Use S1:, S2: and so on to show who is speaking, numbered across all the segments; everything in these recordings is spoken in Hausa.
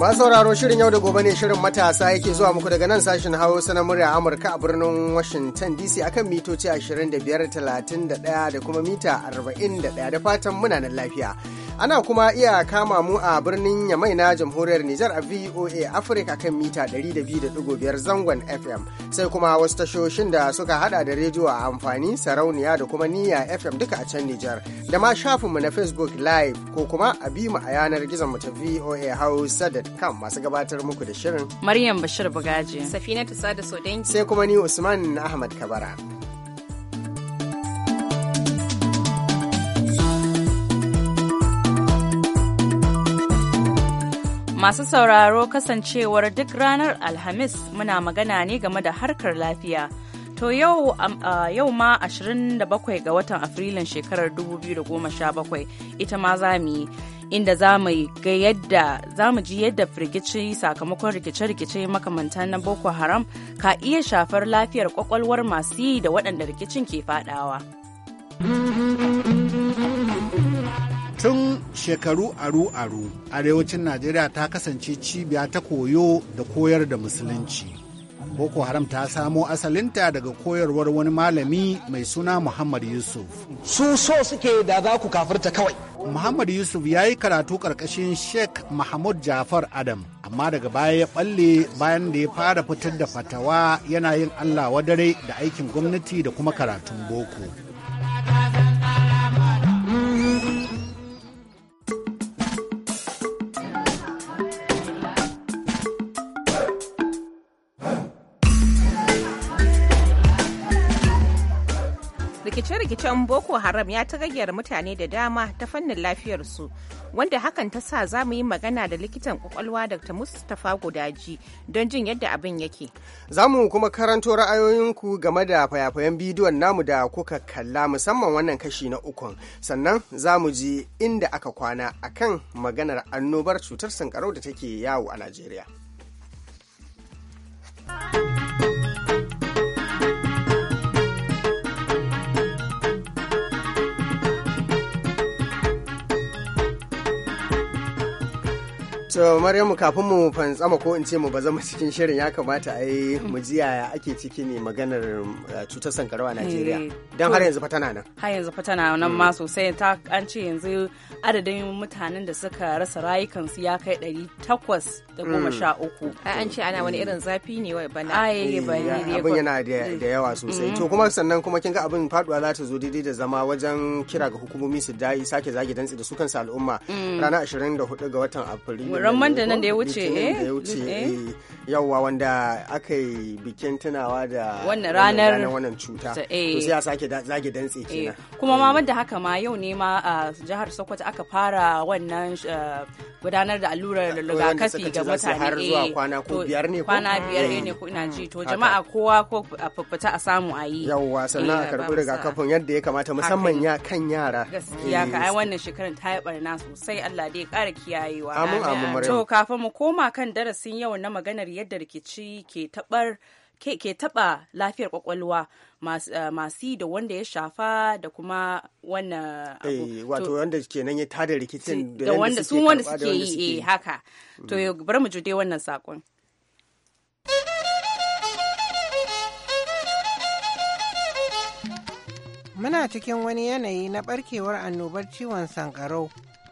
S1: Masu sauraro shirin yau da gobe ne shirin matasa yake zuwa muku daga nan sashen Hausa na murya Amurka a birnin Washington DC akan mitoci 25, 31 da kuma mita 41 da fatan muna nan lafiya. Ana kuma iya kama mu a birnin Yamai na jamhuriyar Nijar a VOA Africa kan mita 200.5 zangon FM sai kuma wasu tashoshin da suka hada da rediyo a amfani sarauniya da kuma niyya FM duka a can Nijar da ma shafinmu na Facebook Live ko kuma a bi mu a yanar gizon mu ta VOA Hausa.com masu gabatar muku da shirin.
S2: Maryam Bashir Bugaji. Safina
S1: Tusa da Sodanki. Sai kuma ni Usman Ahmad Kabara.
S2: Masu sauraro kasancewar duk ranar Alhamis muna magana ne game da harkar lafiya. To yau yau ma 27 ga watan Afrilun shekarar 2017 ita ma za mu yi inda za mu ga yadda za mu ji yadda firgici sakamakon rikice-rikice makamantan na Boko Haram ka iya shafar lafiyar kwakwalwar masu yi da waɗanda rikicin ke faɗawa.
S3: Tun shekaru aru-aru, arewacin Najeriya ta kasance cibiya ta koyo da koyar da musulunci. Boko Haram ta samo asalinta daga koyarwar wani malami mai suna Muhammad Yusuf. Su so suke da za ku kafirta kawai. Muhammad Yusuf ya yi karatu karkashin Sheikh Mahmud Jafar Adam, amma daga baya ya balle bayan da ya fara fitar da fatawa yana yin Allah wadare da aikin gwamnati da kuma karatun boko.
S4: rikicin boko haram ya ta gayyar mutane da dama ta fannin lafiyarsu wanda hakan ta sa za mu yi magana da likitan kwakwalwa dr mustapha gudaji don jin yadda abin yake
S1: za mu kuma karanto ra'ayoyinku game da fayafayen bidiyon namu da kuka kalla musamman wannan kashi na ukun sannan za mu ji inda aka kwana akan maganar annobar cutar sankarau da take yawo a najeriya to maryamu kafin mu fantsama ko in ce mu ba zama cikin shirin ya kamata yi mu ji yaya ake ciki ne maganar eh, cutar sankarau a Najeriya eh, dan har yanzu fa tana nan
S2: har yanzu fa tana nan ma mm. sosai ta an ce yanzu adadin mutanen da suka rasa rayukansu ya kai 813 mm. ai an ce ana wani mm. irin zafi ne wai bana ai eh, bane abin yana
S1: da yawa sosai to kuma sannan kuma kin ga abin faduwa za ta zo daidai da zama wajen kira ga hukumomi su dai sake zage dantsi da su kansu al'umma ranar 24 ga watan Afrilu ramman da nan da ya eh? wuce eh, eh yawwa wanda aka yi bikin tunawa da wannan ranar wannan cuta to eh. sai ya sake zage dantse kenan
S2: kuma ma banda haka ma yau ne ma a jihar Sokoto aka fara wannan gudanar da allurar rigakafi ga mutane har zuwa kwana ko biyar ne ko kwana biyar ne ko ina ji to jama'a kowa ko a fita a samu a yi yawwa sannan a karbi rigakafin
S1: yadda ya kamata musamman ya kan yara gaskiya ka ai wannan
S2: shekarar ta yi barna sosai Allah dai ya kara kiyayewa amin amin To kafin mu koma kan darasin yau na maganar yadda rikici ke tabar ke taba lafiyar kwakwalwa eh, masu da wanda ya shafa da kuma wannan abu.
S1: Eh, wato wanda kenan ya tada rikicin da wanda su wanda eh, suke yi
S2: haka. To mm. bari mu jude wannan sakon. Muna cikin
S1: wani yanayi na barkewar annobar ciwon sankarau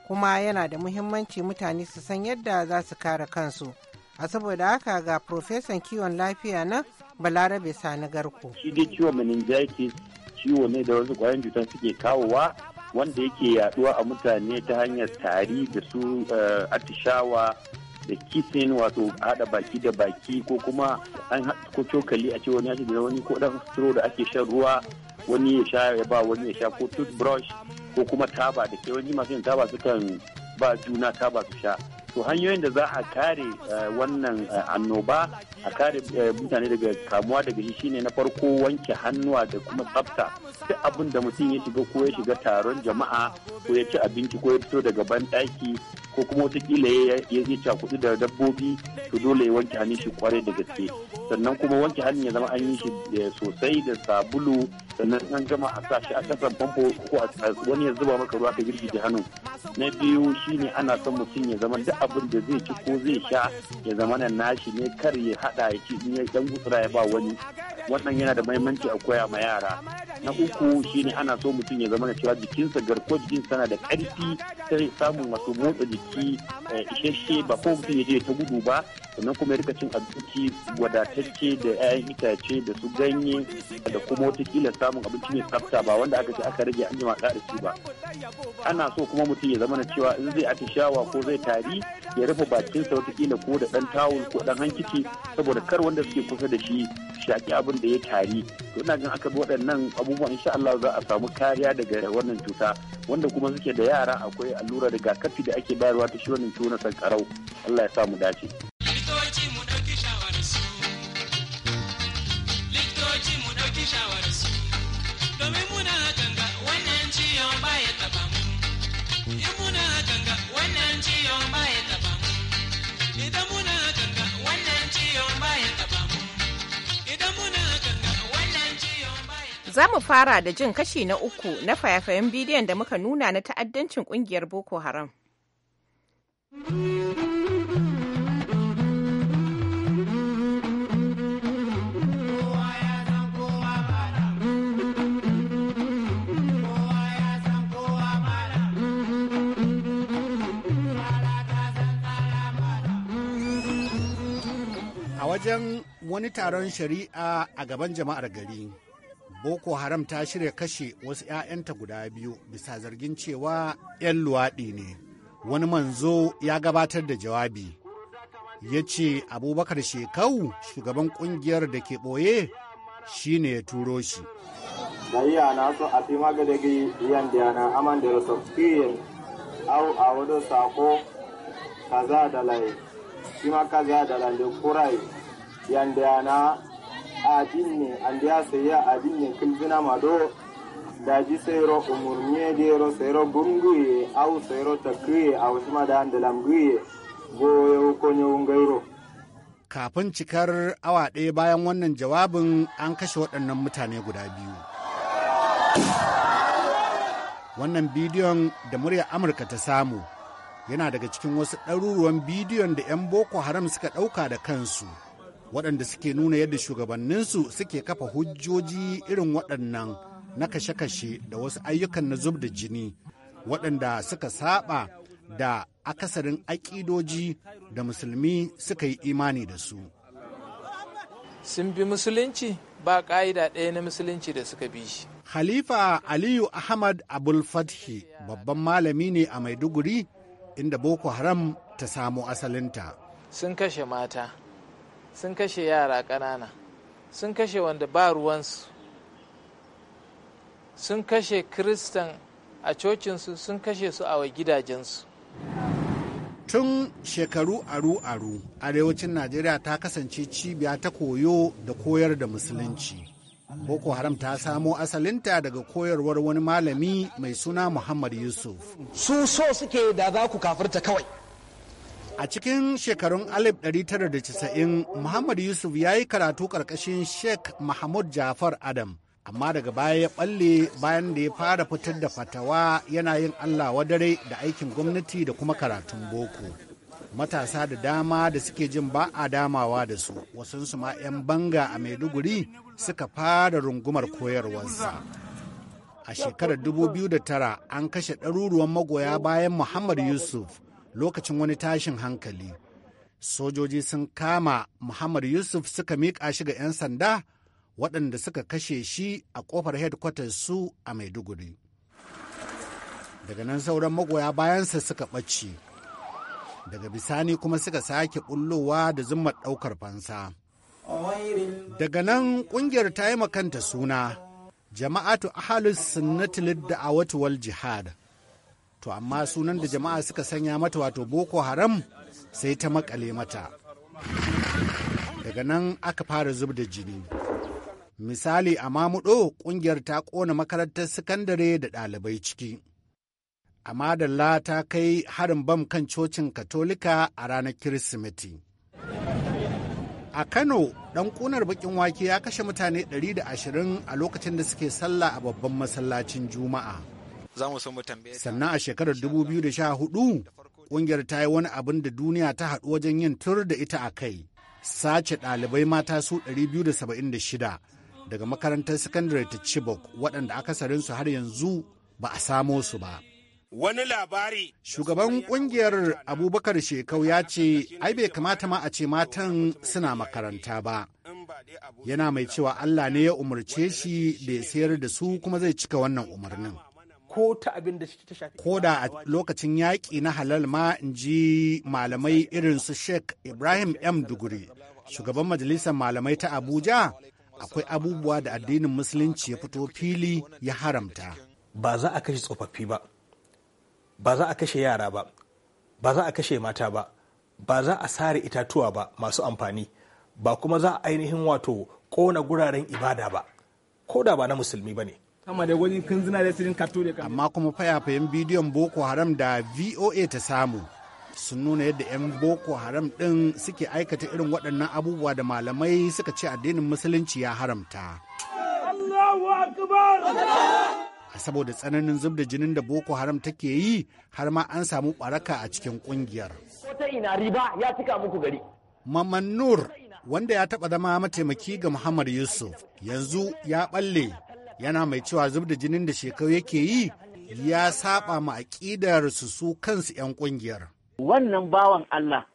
S1: kuma yana da muhimmanci mutane su san yadda za su kare kansu a saboda haka ga profesan kiwon lafiya na balarabe sani garko
S5: shi dai ciwon meningitis ciwo ne da wasu kwayan cutar suke kawowa wanda yake yaduwa a mutane ta hanyar tari da su eh, atishawa da kisin wato hada baki da baki ko kuma an ko cokali a ce wani ake da wani ko dan stro da ake shan ruwa wani ya sha ya ba wani ya sha ko toothbrush ko kuma taba da ke wani masu yin taba sukan ba juna taba su sha to hanyoyin da za a kare eh, wannan eh, annoba a kare eh, mutane daga kamuwa daga shi shine na farko wanke hannuwa da kuma tsafta duk abin da mutum ya shiga ko ya shiga taron jama'a ko ya ci abinci ko ya fito daga banɗaki ko kuma wataƙila ya yi cakudu da dabbobi to dole ya wanke hannun shi kwarai da gaske sannan kuma wanke hannun ya zama an yi shi eh, sosai da sabulu sannan an gama a sa shi a kasan famfo ko wani ya zuba maka ruwa ka girgije hannu na biyu shine ana son mutum ya zama duk abin da zai ci ko zai sha ya zama na nashi ne kar ya haɗa ya in ya gutsura ya ba wani wannan yana da mahimmanci a koya ma yara na uku shine ana so mutum ya zama na cewa jikinsa garko jikinsa sana da ƙarfi ta samun wasu motsa jiki eh, isasshe ba ko mutum ya je ta gudu ba sannan kuma ya cin abinci wadatacce da 'ya'yan itace da su ganye da kuma watakila samun abinci mai tsafta ba wanda aka ce aka rage an jima ƙara shi ba ana so kuma mutum ya zama na cewa in zai shawa ko zai tari ya rufe bakinsa watakila ko da ɗan tawul ko ɗan hankici saboda kar wanda suke kusa da shi shaki abin da ya tari to ina gan aka bi waɗannan abubuwan insha Allah za a samu kariya daga wannan cuta wanda kuma suke da yara akwai allura rigakafi da ake bayarwa ta shi wannan ciwo sankarau Allah ya sa mu dace
S4: Za mu fara da jin kashi na uku na fayafayen bidiyon da muka nuna na ta'addancin kungiyar Boko Haram.
S3: A wajen wani taron shari'a a gaban jama'ar gari. boko haram ta shirya kashe wasu 'ya'yanta guda biyu bisa zargin cewa 'yan luwaɗi ne wani manzo ya gabatar da jawabi ya ce abubakar shekau shugaban kungiyar da ke ɓoye shi ne ya turo shi
S6: au kaza da lai ma kaza da lai kurai yanda na adinne andiya seya adinne kilbina mado daji seyro umurnie diero seyro bunguye au seyro takriye au ma da andalamguye
S3: goyo
S7: konyo gairo.
S3: kafin cikar awa ɗaya bayan wannan jawabin an kashe waɗannan mutane guda biyu wannan bidiyon da muryar amurka ta samu yana daga cikin wasu ɗaruruwan bidiyon da 'yan boko haram suka ɗauka da kansu waɗanda suke nuna yadda shugabanninsu suke kafa hujjoji irin waɗannan na kashe-kashe da wasu ayyukan na zub da jini waɗanda suka saba da akasarin aƙidoji da musulmi suka yi imani da su.
S4: Sun bi musulunci ba ƙa'ida ɗaya na musulunci da suka bi shi.
S3: Halifa Aliyu Ahmad Abulfathi babban malami ne a Maiduguri inda Boko Haram ta samo asalinta.
S4: Sun kashe mata. sun kashe yara ƙanana sun kashe wanda ba ruwansu sun kashe kristan a cocinsu sun kashe su a gidajensu
S3: tun shekaru aru-aru arewacin najeriya ta kasance cibiya ta koyo da koyar da musulunci boko haram ta samo asalinta daga koyarwar wani malami mai suna muhammad yusuf su so suke da za ku kafirta kawai A cikin shekarun 1990 Muhammad Yusuf ya yi karatu ƙarƙashin Sheikh Mahmud Jafar Adam. amma daga baya ya balle bayan da ya fara fitar da fatawa yana yin Allah wadare da aikin gwamnati da kuma karatun boko. Matasa da dama da suke jin ba a damawa da su, wasu ma 'yan banga a Maiduguri suka fara rungumar koyarwarsa. A shekarar 2009 an kashe ɗaruruwan magoya bayan Muhammad Yusuf lokacin wani tashin hankali sojoji sun kama muhammad yusuf suka miƙa shi ga 'yan sanda waɗanda suka kashe shi a ƙofar headquarters su a maiduguri daga nan sauran magoya bayansa suka ɓace daga bisani kuma suka sake ɓullowa da zumar ɗaukar fansa daga nan ƙungiyar ta yi makanta suna jama'atu ahalus sunatilid da a wal jihad to amma sunan da jama'a suka sanya mata wato boko haram sai ta makale mata daga nan aka fara zub da jini misali a mamudo kungiyar ta kona makarantar sakandare da ɗalibai ciki a madalla ta kai harin bam kan cocin katolika a ranar kirsimeti a kano ɗan ƙunar bakin wake ya kashe mutane 120 a lokacin da suke sallah a babban masallacin juma'a
S8: za mu so mu tambaye
S3: sannan a shekarar 2014 ƙungiyar ta yi wani abin da duniya ta haɗu wajen yin tur da ita a kai sace ɗalibai mata su 276 daga makarantar sakandare ta Chibok waɗanda akasarin su har yanzu ba a samo su ba. wani labari. Shugaban kungiyar Abubakar Shekau ya ce, ai bai kamata ma a ce matan suna makaranta ba. Yana mai cewa Allah ne ya umarce shi da ya sayar da su kuma zai cika wannan umarnin. ko ta abin da ta shafi. Ko da a lokacin yaƙi na halal ma in ji malamai irin su Sheikh Ibrahim M. Duguri, shugaban majalisar malamai ta Abuja, akwai abubuwa da addinin musulunci ya fito fili ya haramta. Ba za a kashe tsofaffi ba, ba za a kashe yara ba, ba za a kashe mata ba, ba za a sare itatuwa ba masu amfani, ba kuma za a ainihin wato ƙona guraren ibada ba, ko da ba na musulmi ba ne. kama da kan zina da sirin amma kuma fayafayen bidiyon boko haram da voa ta samu sun nuna yadda 'yan boko haram din suke aikata irin waɗannan abubuwa da malamai suka ce addinin musulunci ya haramta saboda tsananin zub da jinin da boko haram take yi har ma an samu baraka a cikin ƙungiyar. Mamman nur wanda ya taɓa zama mataimaki ga muhammad yusuf yanzu ya ɓalle yana mai cewa zub da jinin da shekau yake yi ya saba ma aƙidar su su kansu 'yan ƙungiyar. Wannan bawan
S5: Allah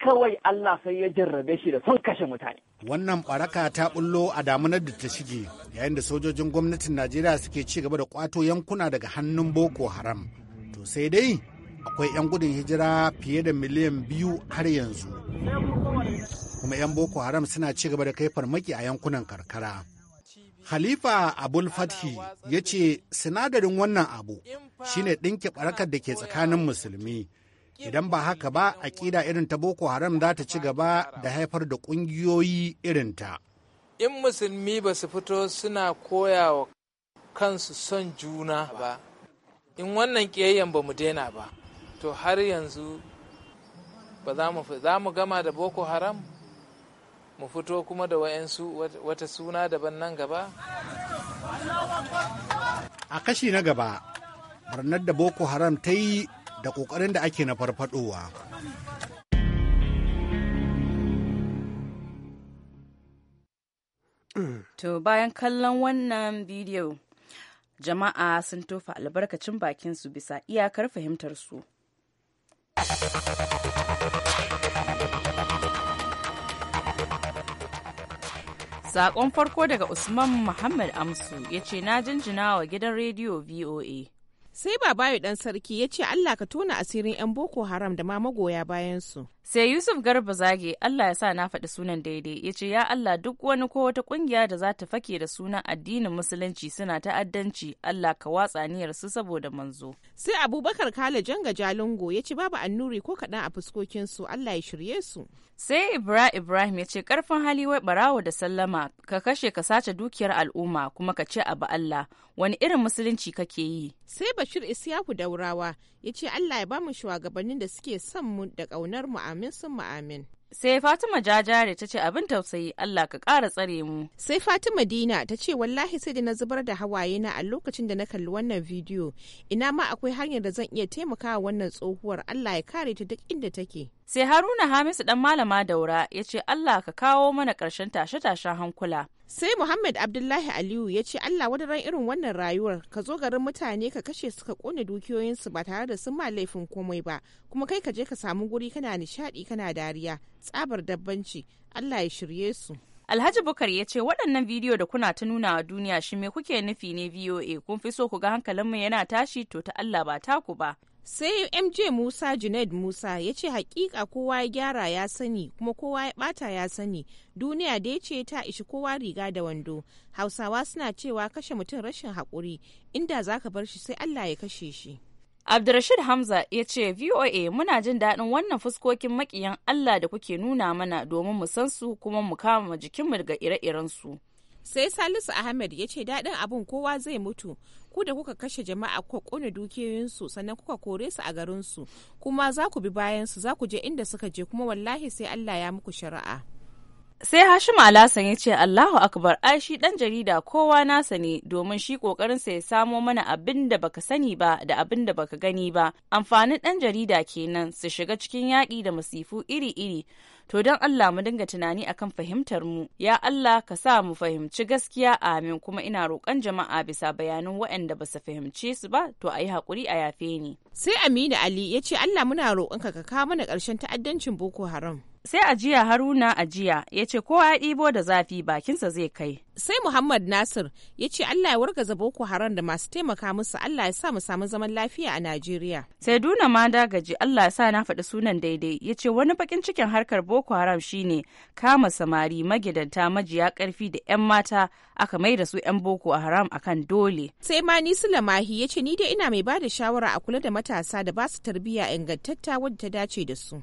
S5: kawai Allah sai ya jarrabe shi da son kashe
S3: mutane. Wannan baraka ta bullo a damunar da ta shige yayin da sojojin gwamnatin Najeriya suke ci gaba da kwato yankuna daga hannun Boko Haram. To sai dai akwai 'yan gudun hijira fiye da miliyan biyu har yanzu. Kuma 'yan Boko Haram suna ci gaba da kai farmaki a yankunan karkara. Halifa Abul Fathi ya ce sinadarin wannan abu shine ɗinke barakar da ke tsakanin musulmi. Idan ba haka ba, aƙida irin ta Boko Haram za ta ci gaba da haifar da ƙungiyoyi irinta.
S4: In musulmi ba su fito suna koya wa kansu son juna ba, in wannan ƙiyayyen ba mu daina ba, to har yanzu ba za mu gama da Boko Haram? mu fito kuma da wayansu wata suna daban nan gaba a kashi
S3: na gaba barnar da boko haram ta yi da ƙoƙarin da ake na farfadowa
S2: to bayan kallon wannan bidiyo jama'a sun tofa albarkacin bakinsu bisa iyakar fahimtar su. Sakon farko daga Usman Muhammad Amsu ya ce na jinjina wa gidan rediyo VOA.
S4: Sai babayo ɗan sarki ya ce Allah ka tona asirin 'yan Boko Haram da ma magoya
S2: bayansu. sai yusuf garba zage allah ya sa na faɗi sunan daidai ya ce ya allah duk wani ko wata ƙungiya da za ta fake da sunan addinin musulunci suna ta'addanci allah ka watsa niyyar su saboda manzo sai abubakar kale janga jalingo ya ce babu annuri
S4: ko kaɗan a fuskokin
S2: su allah ya shirye su sai ibra ibrahim ya ce karfin hali wai barawo da sallama ka kashe ka sace dukiyar al'umma kuma ka ce abu allah wani irin musulunci kake yi sai
S4: bashir Isiyahu daurawa ya ce allah ya ba mu shuwagabannin da suke son mu da
S2: ƙaunar mu a amin sun amin. Sai Fatima Jajare ta ce abin tausayi Allah ka ƙara tsare mu.
S4: Sai Fatima Dina ta ce wallahi sai da na zubar da hawaye na a lokacin da na kalli wannan
S2: bidiyo. Ina ma akwai
S4: hanyar da zan iya taimakawa wannan tsohuwar Allah ya kare ta duk inda take.
S2: Sai Haruna Hamisu dan malama daura ya ce Allah ka kawo mana ƙarshen tashe-tashen hankula. sai muhammad abdullahi aliyu ya ce allah wadaran irin
S4: wannan rayuwar ka zo garin mutane ka kashe su ka kone dukiyoyinsu ba tare da sun ma laifin komai ba kuma kai ka je ka samu guri kana nishadi kana dariya tsabar dabbanci
S2: allah ya shirye su Alhaji Bukar ya ce waɗannan bidiyo da kuna ta nuna wa duniya shi me kuke nufi ne VOA kun fi so ku ga hankalinmu yana tashi to ta Allah ba taku ba. sai mj musa junaid musa ya ce
S4: hakika kowa ya gyara ya sani kuma kowa ya bata ya sani duniya da ya ce ta ishi kowa riga da wando hausawa suna cewa kashe mutum rashin haƙuri inda za ka bar shi
S2: sai allah ya kashe shi Abdurrashid Hamza ya ce VOA muna jin daɗin wannan fuskokin makiyan Allah da kuke nuna mana domin mu san su kuma mu kama jikinmu daga ire-irensu. sai salisu ahmed ya ce daɗin abin kowa zai mutu ku da kuka kashe
S4: jama'a kuka kone dukiyoyinsu sannan kuka kore su a garinsu kuma za ku bi bayansu za ku je
S2: inda suka je kuma wallahi sai allah ya muku shari'a sai hashim alasan ya ce allahu akbar ai shi dan jarida kowa nasa ne domin shi kokarin sa ya samo mana abin da baka sani ba da abin da baka gani ba amfanin dan jarida kenan su shiga cikin yaƙi da masifu iri-iri to don Allah mu dinga tunani akan fahimtar mu ya Allah ka sa mu fahimci gaskiya amin kuma ina roƙon jama'a bisa bayanan waɗanda ba su fahimce su ba to a yi haƙuri a yafe ni sai Aminu Ali ya ce Allah muna roƙonka ka kawo mana ƙarshen ta'addancin Boko Haram sai ajiya haruna ajiya ya ce kowa ya ɗibo da zafi bakinsa
S4: zai kai sai muhammad nasir ya ce allah ya wargaza boko haram da masu taimaka musu allah
S2: ya sa mu samu zaman lafiya a najeriya sai duna ma dagaji allah ya sa na faɗi sunan daidai ya ce wani bakin cikin harkar boko haram shine kama samari magidanta majiya karfi da 'yan mata aka mai da su 'yan boko haram akan dole sai ma nisu lamahi ya
S4: ce ni dai ina mai ba da shawara a kula da matasa da ba su tarbiyya ingantatta wadda ta dace da su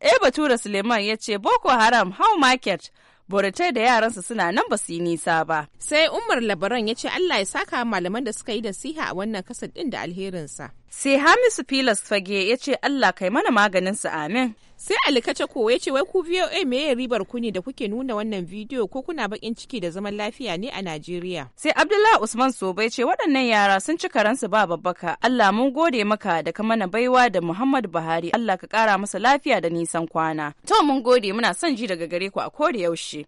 S2: E eh, Tura Suleiman ya ce Boko Haram How Market Borite da yaransa suna nan ba su yi nisa ba. Sai Umar Labaran ya ce Allah ya saka malaman da suka yi nasiha a wannan
S4: kasar din da alherinsa. Sai Hamisu Filas Fage ya ce Allah kai mana maganinsa amin. sai alikace ko ya ce wai ku voa meye ribar ku ne da kuke nuna wannan bidiyo ko kuna bakin ciki da zaman lafiya ne a najeriya
S2: sai abdullahi usman sobai ce waɗannan yara sun ci karansu ba babbaka allah mun gode maka da ka mana baiwa da muhammad buhari allah ka kara masa lafiya da nisan kwana to mun gode muna son ji daga gare ku a koda yaushe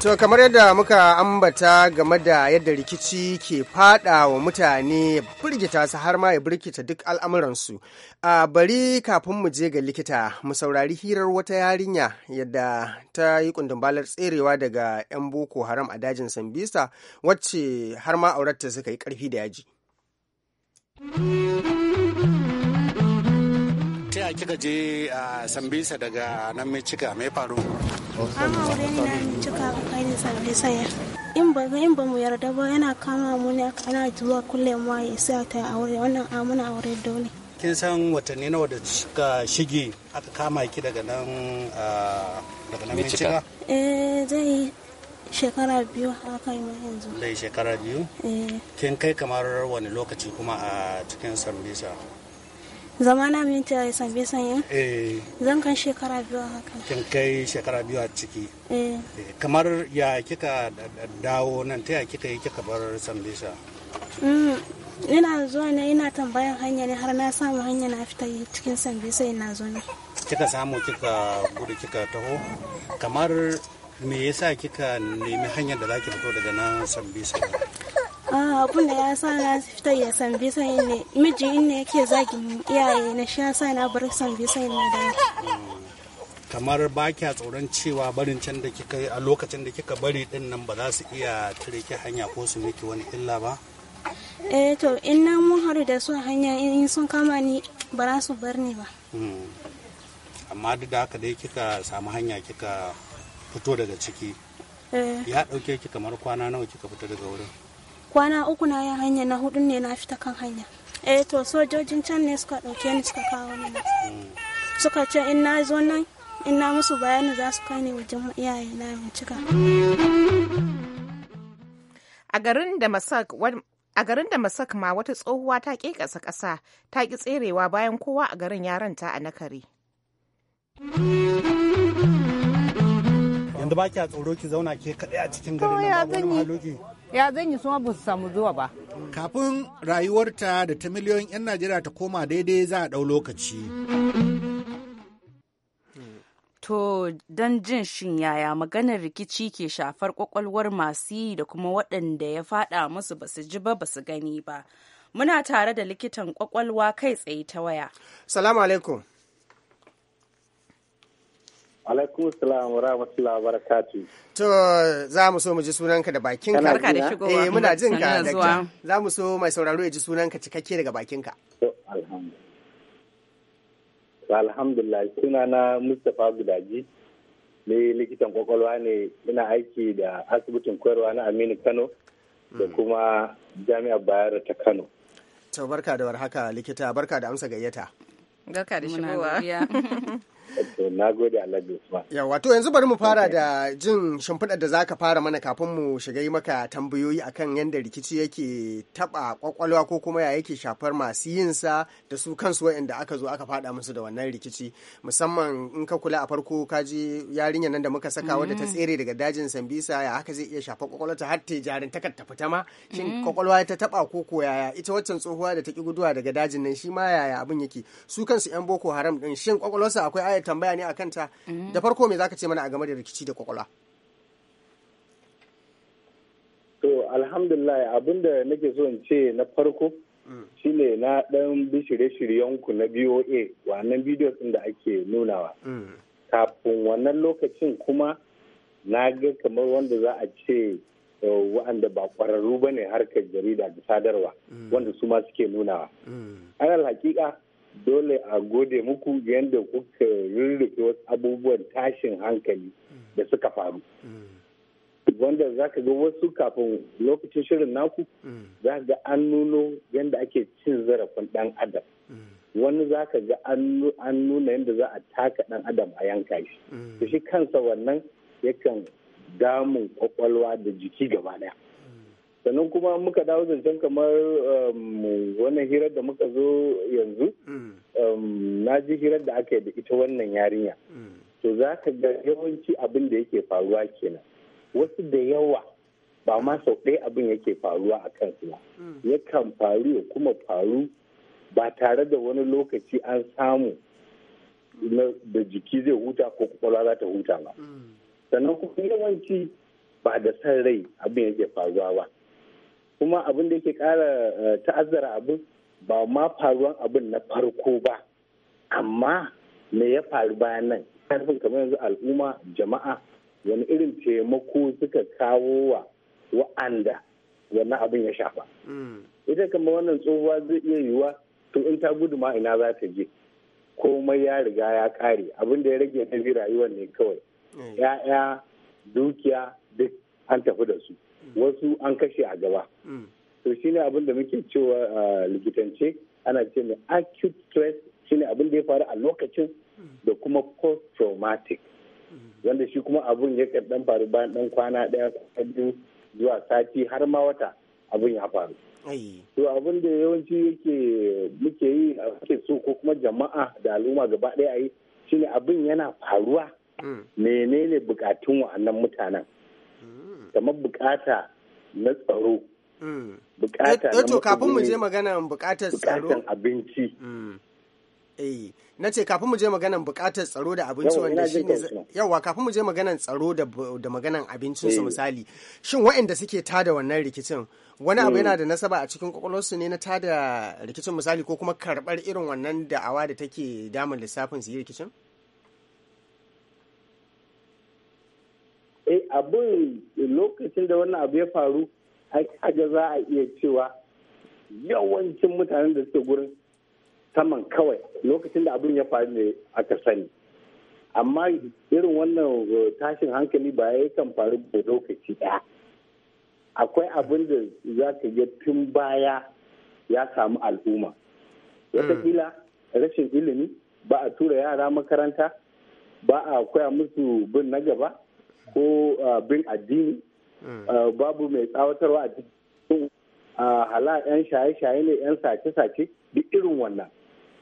S1: To kamar yadda muka ambata game da yadda rikici ke fada wa mutane ya firgita su har ma ya birkita duk al'amuransu. A bari kafin mu je ga likita mu saurari hirar wata yarinya yadda ta yi kundumbalar tserewa daga 'yan boko haram a dajin Sambisa wacce har ma auratta suka yi karfi da yaji.
S3: yasa kika je a Sambisa daga nan mai cika mai faru?
S8: An aure ni na cika kai ni Sambisa ya. In ba in ba mu yarda ba yana kama mu ne kana zuwa kulle ma ya sa ta aure wannan amuna aure dole.
S3: Kin san watanni nawa da suka shige aka kama ki daga nan daga nan mai cika?
S8: Eh zai shekara biyu haka yi yanzu. Zai
S3: shekara biyu? Eh. Kin kai kamar wani lokaci kuma a cikin Sambisa?
S8: zamana minti ya sami eh. sanyin zan kan shekara biyu haka
S3: kin kai shekara biyu a ciki eh. Eh, kamar ya kika dawo nan ta ya kika yi kika bar sambisa
S8: mm, ina zuwa ne ina tambayan hanya ne har na samu hanya na fita cikin sambisa ina zo ne
S3: kika samu kika gudu kika taho kamar me yasa kika nemi hanyar da zaki fito daga nan sambisa
S8: Ah, abun da ya sa na fita ya san bisan ne miji in ne yake zagin iyaye na shi ya sa na bar san bisan ne da
S3: kamar ba kya tsoron cewa barin can da kika yi a lokacin da kika bari din nan ba za su iya tare ki hanya ko su miki wani illa ba
S8: eh to in na mun haru da su hanya in sun kama ni ba za su bar ni ba
S3: hmm. amma duk da haka dai kika samu hanya kika fito daga ciki eh. ya dauke ki kamar kwana nawa kika fita daga wurin
S8: kwana uku na hanya na hudun ne na fita kan hanya e to sojojin can ne suka dauke ni suka kawo ni suka ce in na zo nan in na musu bayani za su kai ni wajen iyaye na cika a garin da
S4: masak ma wata tsohuwa ta ke kasa kasa ta ki tserewa bayan kowa a garin yaranta ta a nakari
S3: yanzu ba kya tsoro ki zauna ke kaɗai a cikin garin nan ba wani
S4: ya zan yi suma ba su samu zuwa ba.
S3: Kafin rayuwarta da ta miliyoyin 'yan Najeriya ta koma daidai za a ɗau
S2: lokaci. To don jin shin yaya maganar rikici ke shafar kwakwalwar masu yi da kuma waɗanda ya faɗa musu ba su ji ba ba su gani ba. Muna tare da likitan kwakwalwa kai tsaye ta waya. Salamu alaikum.
S6: alaikum salam wa rahmatullah wa barakatu
S1: to za mu so mu ji sunanka da bakinka barka da shigowa eh muna jin ka da za mu so mai sauraro ya ji sunanka cikakke daga bakinka
S6: to alhamdulillah alhamdulillah sunana Mustapha Gudaji ne likitan kwakwalwa ne ina aiki da asibitin koyarwa na Aminu Kano
S5: da hmm. kuma
S6: Jami'ar Bayero ta Kano
S1: to barka da warhaka likita barka da amsa gayyata
S4: barka da shigowa
S6: na gode Usman.
S1: Yawa to yanzu bari mu fara da jin shimfiɗar da za ka fara mana kafin mu shiga yi maka tambayoyi akan yadda rikici yake taɓa ƙwaƙwalwa ko kuma ya yake shafar masu sa da su kansu waɗanda aka zo aka faɗa musu da wannan rikici musamman in ka kula a farko ka ji yarinyar nan da muka saka wadda ta mm. tsere daga dajin Sambisa ya haka zai iya shafar kwakwalwarta har ta jarin tafi ta fita ma shin mm. ƙwaƙwalwa ta taɓa ko ko yaya ita waccan tsohuwa da ta ki guduwa daga dajin nan shi ma yaya abin yake su kansu 'yan Boko Haram ɗin shin ƙwaƙwalwarsa akwai ya tambaya ne a ta da farko me ka ce mana a game da rikici
S6: da kwakwalwa to alhamdulillah da nake so in ce na farko shine na ɗan bi shirye-shiryen ku na BOA wannan bidiyo din da ake nunawa kafin wannan lokacin kuma na ga kamar wanda za a ce eh, wa'anda ba kwararru ba ne harkar jarida da sadarwa mm. wanda su ma suke nunawa. Mm. Alal hakika dole a gode muku yadda kuka rurrufe wasu abubuwan tashin hankali da suka faru wanda za ka ga wasu kafin lokacin shirin naku za ka ga an nuno yadda ake cin zarafin dan adam wani za ka ga an nuna yadda za a taka dan adam a yanka shi to shi kansa wannan yakan damun kwakwalwa da jiki gaba daya sannan kuma muka dawo zancen kamar um, wannan hirar da muka zo yanzu mm. um, na ji hirar da aka yi da ita wannan yarinya mm. to za ka ga yawanci abin da yake faruwa kenan wasu da yawa ba ma sau ɗaya abin yake faruwa a kan ba mm. yakan faru ya kuma faru ba tare da wani lokaci an samu da jiki zai huta ko kwakwalwa za ta huta ba sannan kuma yawanci ba da san rai abin yake faruwa ba kuma abin da yake kara eh, ta'azzara abin ba ma faruwan abin na farko ba amma me ya faru bayan nan karfin kamar yanzu al'umma jama'a wani irin taimako suka kawo wa wa'anda wannan abin ya shafa mm. ita kamar wannan tsohuwa zai iya yiwuwa to in ta gudu ma ina za ta je komai ya riga ya kare abin da ya rage na rayuwar ne kawai mm. ya'ya dukiya duk an tafi da su wasu an kashe a gaba mm. to ne abin da muke cewa a likitance ana ce mai acute stress shine abin da ya faru a lokacin mm. da kuma post traumatic mm. wanda shi kuma abin ya dan faru bayan dan kwana daya biyu zuwa sati har ma wata abin ya faru to abin da yawanci yake muke yi a ke so ko kuma jama'a da al'umma gaba daya a yi ne abin yana faruwa menene bukatun wa'annan mutanen kamar bukata na tsaro
S7: mm. bukata na eh, eh, kafin mu je
S6: magana bukatar tsaro bukatan abinci mm.
S1: eh na ce kafin mu je maganan bukatar tsaro da abinci wanda ne yawa kafin mu je maganan tsaro da maganan abincin su eh. misali shin waɗanda suke tada wannan rikicin wani abu yana da nasaba a cikin kwakwalwarsu ne na tada rikicin misali ko kuma karɓar irin wannan da'awa da take damun lissafin su yi rikicin
S6: eh abin lokacin da wannan abu ya faru kaga za a iya cewa yawancin mutanen da suke gurin saman kawai lokacin da abin ya faru ne aka sani amma irin wannan eh, tashin hankali ba ya kan faru da lokaci ɗaya akwai abin da za ka ga tun baya ya samu al'umma watakila rashin ilimi ba a tura yara makaranta ba a koya musu bin na gaba ko ah, bin addini hmm. ah, babu mai tsawatarwa a cikin ah, hala 'yan shaye-shaye ne 'yan sace-sace duk irin wannan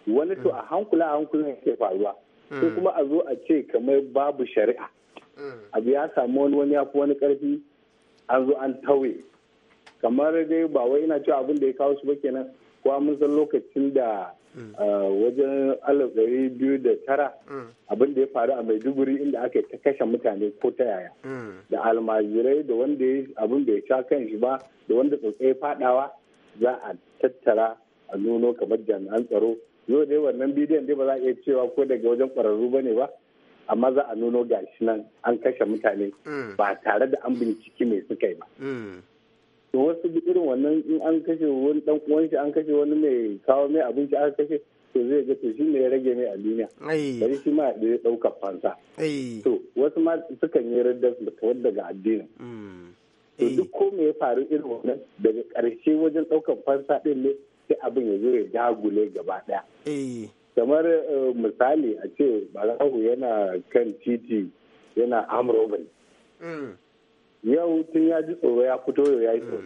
S6: wani to hmm. a hankula a hankula ke faruwa ko hmm. kuma a zo a ce kamar babu shari'a abu ya samu wani wani ya wani karfi an zo an tauye kamar dai ba wai ina cewa abin da ya kawo su ba kenan kwa mun san lokacin da mm. uh, wajen alif ɗari biyu da tara mm. abin da ya faru a maiduguri inda aka ta kashe mutane ko ta yaya mm. da almajirai da wanda abin da ya sha kan shi ba da wanda tsotsai fadawa za a tattara a nuno kamar jami'an tsaro yau dai wannan bidiyon dai ba za a iya cewa ko daga wajen kwararru ba ne ba amma za a nuno gashi nan an kashe mutane ba tare da an binciki mai suka yi ba to wasu irin wannan in an kashe wani dan uwan shi an kashe wani mai kawo mai abinci an kashe to zai ga to shi ne ya rage mai a duniya bari shi ma da ya dauka fansa to wasu ma sukan yi radda su kawar daga addinin mm. to duk ko me ya faru irin wannan daga karshe wajen daukan fansa ɗin ne sai abin ya zo ya dagule gaba ɗaya kamar eh, misali a ce barahu yana kan titi yana amrobin yau tun ya ji tsoro ya fito yau ya yi tsoro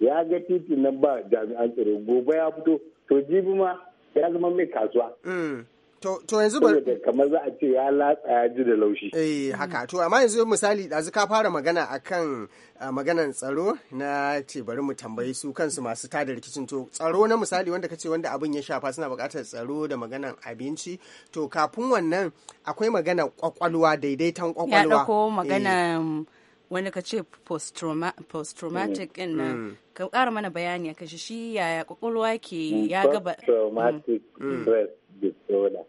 S6: ya ga titi na ba jami'an tsaro gobe ya fito to jibi ma ya zama mai kasuwa
S1: mm. to yanzu ba
S6: kamar za a ce ya latsa ya ji da laushi eh haka to amma yanzu
S1: misali ɗazu ka fara magana akan maganan tsaro na ce bari mu tambayi su kansu masu tada rikicin to tsaro na misali wanda kace wanda abin ya shafa suna buƙatar tsaro da maganan abinci to kafin wannan akwai magana kwakwalwa daidaitan kwakwalwa ya dauko
S2: wani ka ce post-traumatic din mm. nan mm. ka ƙara mana bayani akan shi shi yaya kwakwalwa ke mm. ya gaba post-traumatic
S5: stress
S6: disorder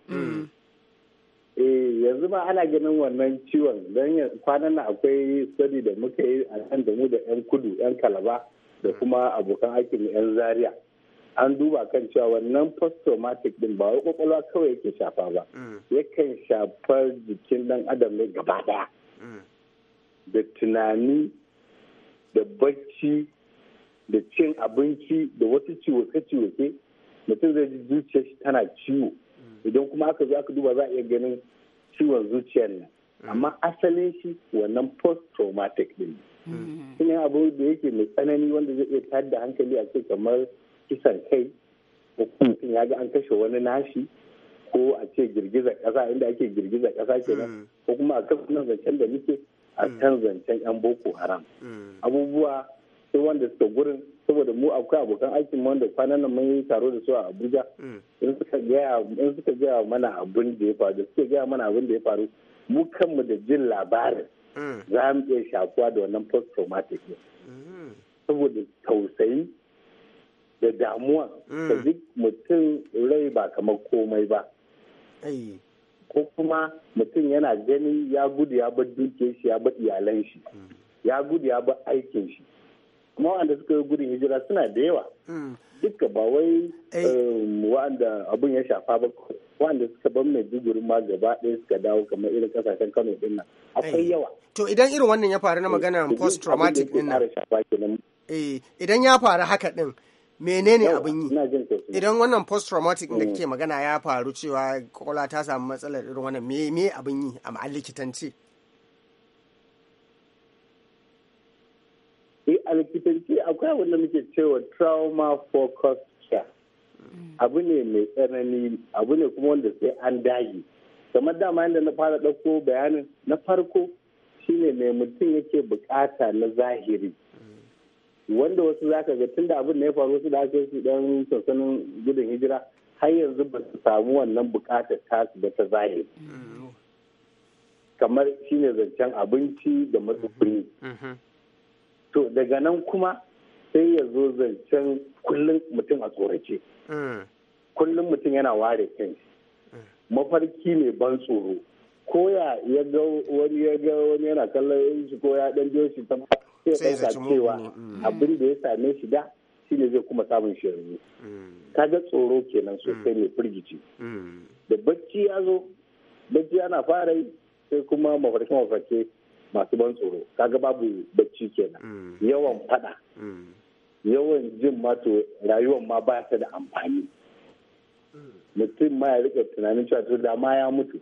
S6: eh yanzu ma ana ganin wannan ciwon don kwanan nan akwai study da muka yi a nan da mu da yan kudu yan kalaba da kuma abokan aikin yan zaria an duba kan cewa wannan post-traumatic din ba wai kwakwalwa kawai yake shafa ba yakan shafar jikin dan adam ne gaba daya da tunani da bacci da cin abinci da wasu ciwoke-ciwoke mutum zai ji zuciyar shi tana ciwo idan kuma aka zo aka duba za a iya ganin ciwon zuciyar nan amma asalin shi wannan post-traumatic din hmm. ne abu da yake mai tsanani wanda zai iya tayar da hankali a ce kamar kisan kai ko mutum ya ga an kashe wani nashi ko a ce girgizar kasa inda ake girgizar kasa kenan hmm. ko kuma a nan zancen da muke a kan mm. zancen 'yan boko haram mm. abubuwa sai wanda suka gurin saboda mu akwai abokan aikin mu wanda kwanan nan mun yi taro da su a Abuja mm. in suka gaya gaya mana abin da ya faru suka gaya mana abin da ya faru mu kanmu da jin labarin za mu iya shakuwa da wannan post traumatic ne saboda tausayi da damuwa da duk mutum rai ba kamar komai ba ko kuma mutum yana gani ya gudu ya bar dukiyar shi ya bar iyalan shi ya gudu ya bar aikin shi kuma wanda suka yi gudun hijira suna da yawa hmm. duka ba wai eh. um, wanda abun ya shafa ba wanda suka bar maiduguri ma gaba ɗaya suka dawo kamar irin kasashen kano din nan akwai eh. yawa to idan irin
S1: wannan ya faru na magana eh, post traumatic din
S6: nan
S1: idan ya faru haka din menene abin yi idan wannan post traumatic da mm. kake magana ya faru cewa kwakwalwa ta samu matsalar irin wannan me me abin yi a ma'al likitanci
S6: a likitanci eh, akwai abin da muke cewa trauma focus care mm. abu ne mai tsanani abu ne kuma wanda sai an dage kamar dama yadda na fara ɗauko bayanin na farko shine mai mutum yake bukata na zahiri wanda wasu za ka ga tunda abin da ya faru su da ake su dan sansanin gudun hijira har yanzu ba su samu wannan bukatar tasu da ta zahiri kamar shine zancen abinci da matsuguni mm-hmm. to daga nan kuma sai ya zo zancen kullum mutum a tsorace mm. kullum mutum yana ware kanshi mafarki ne ban tsoro ko ya ga wani yana kallon shi ko ya dan shi ta sai ya ɗauka cewa mm. abin da ya same shi da shi ne zai kuma samun shi yanzu mm. kaga tsoro kenan mm. sosai mai firgici da bacci ya zo bacci ana fara yi sai kuma mafarke mafarke masu ban tsoro kaga babu bacci
S7: kenan
S6: yawan fada yawan jin mato rayuwar ma ba ta da amfani mutum ma ya rika tunanin cewa to da ma ya mutu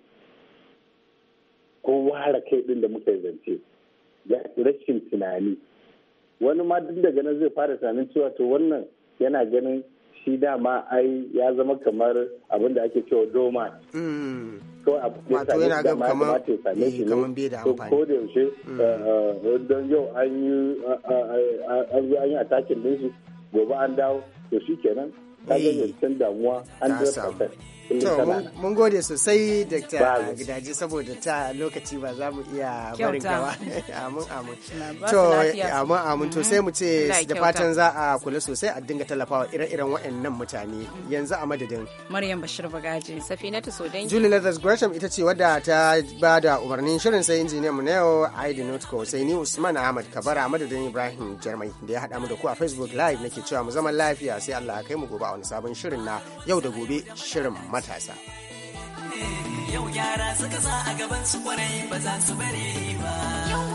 S6: ko ware kai din da muka zance ya rashin tunani wani ma duk daga nan zai fara tunanin cewa to wannan yana ganin shi dama ai ya zama kamar abin da ake cewa doma
S7: to mm.
S6: wato yana ga kamar eh, kamar bai da amfani ko da yaushe mm. eh, eh, don yau an yi an yi an yi din shi gobe an dawo to shikenan ka ga damuwa an da To,
S1: mun gode sosai Dr. Gidaje saboda ta lokaci ba za mu iya barin gawa.
S2: Amin amin. To, amin
S1: amin to sai mu ce da fatan za a kula sosai a dinga tallafawa ire-iren waɗannan mutane. Yanzu a madadin.
S2: Maryam Bashir Bagaji, Safinatu Sodangi. Julie
S1: Leathers Gresham ita ce wadda ta ba da umarnin shirin sai injiniya mu na yau Aidi Notko sai ni Usman Ahmad Kabara a madadin Ibrahim Jarmai da ya haɗa mu da ku a Facebook Live nake cewa mu zaman lafiya sai Allah ya kai mu gobe a wani sabon shirin na yau da gobe shirin matasa.
S8: Yau yara suka sa a gaban su kwarai ba za su bari ba.